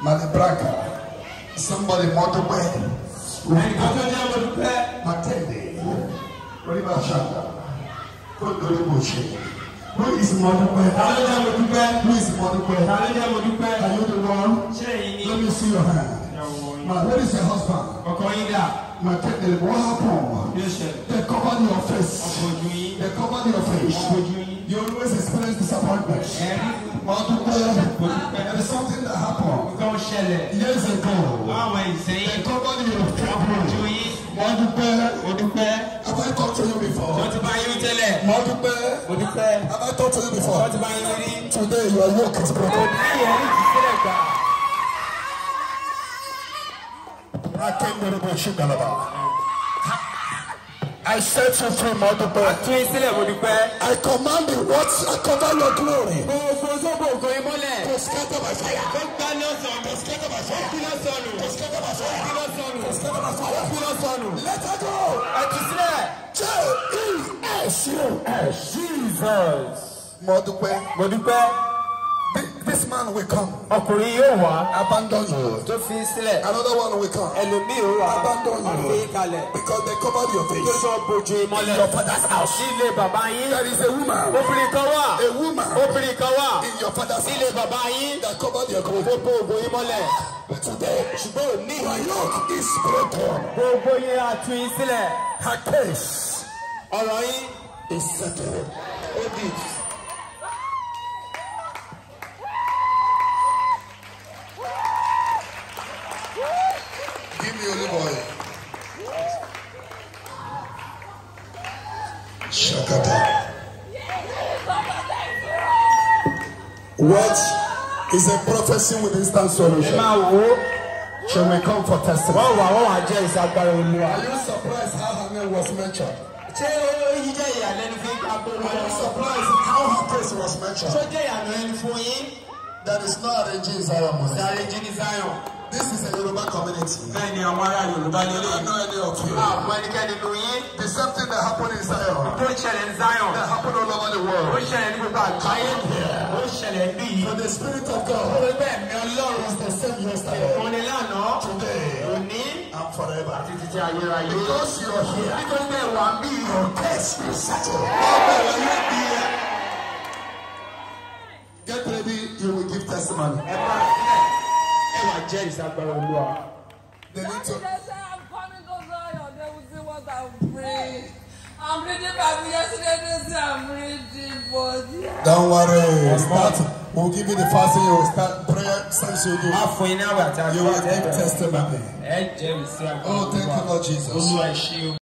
Malabraka. Somebody multiply. Matende. Riba Shaka. Kondori Moshe. Who is multiply? Hallelujah, Who is multiply? Hallelujah, Are you the one? Let me see your hand. My, where is your husband? Matende, what happened? They covered your face. They covered your face. You always experience disappointment. Multiply. There is ṣẹlẹ̀. years ago. láwọn ìsẹ́yìn. ẹ kọ́kọ́ ní yorùbá travel. ju yín. mo dúpẹ́. mo dúpẹ́. have I talked to you before. mo ti bá yín tẹ́lẹ̀. mo dúpẹ́. mo dúpẹ́. have I talked to you before. mo ti bá yín rí. today you are your cat brother. ayọ̀ ní ti sílẹ̀ gbà. akéwìrì bó ṣe galaba. I set you free, mo dúpẹ́. I command you, what I cover your glory. To scatter by fire sọnù. kò sí kẹ́kẹ́ j s u s jesus. mo dúpẹ́. mo dúpẹ́ this man will come. ọkùnrin yóò wá. abandon you. tó fi sílẹ̀. another one will come. ẹlòmíì ó wá. abandon you. ọkùnrin kalẹ̀. because they covered your face. nítorí wọn bojú ìmọ̀lẹ̀. in your father's house. ilé bàbá yín. there is a woman. obìnrin kan wà. a woman. obìnrin kan wà. in your father's house. ilé bàbá yín. that covered your face. gbogbo ògbó ìmọ̀lẹ̀. today ṣùgbọ́n òní. my yoke is broken. gbogbo yẹn àtúnyí sílẹ̀. her case. ọ̀rọ̀ yín. is settled. ó dì ní onímọ̀ yìí. Shakata. What is a prophecy with instant solution? Ẹ máa wo we come for testimony. Are you surprised how her name was mentioned? Ṣé Are you surprised how her praise was mentioned? Ṣó jẹ́ ìyàlẹ́nu fún yín? That is not arranging Zion. Ṣé arranging Zion? This is a Yoruba community. Bẹ́ẹ̀ ni àwọn ará Yorùbá ní ilé ìlú ẹni ọ̀tún. Ah. Àwọn ẹnikẹ́ni ló yín. The same thing that happened in Zion. Tó ń ṣẹlẹ̀ ní Zion. That happened all over the world. Ó ṣẹlẹ̀ ní gbogbo àgbáyé. Ó ṣẹlẹ̀ ní For the spirit of God. Orí bẹ́ẹ̀ mi Ọlọ́run. Is the same yesterday. Òun ni lánàá. Today. Òní. And forever. Àti títí ayérayé. Because you are here. Nítorí bẹ́ẹ̀ wà bí. Your case be settled. Ọbẹ̀ yìí bí ẹ. Get ready, you will give testimony. Ẹ máa jẹ́rìí sagbara olúwa. They need to. I'm coming to Zion. They will see what I'm praying. I'm reading Bible yesterday. They say I'm reading, but yeah. Don't worry, we'll start. We'll give you the fasting. We'll start prayer since You. do. fún iná wà You will give testimony. Ẹ jẹ́rìí sí agbára olúwa. Oh, thank you Lord Jesus. Olúwa ṣé o.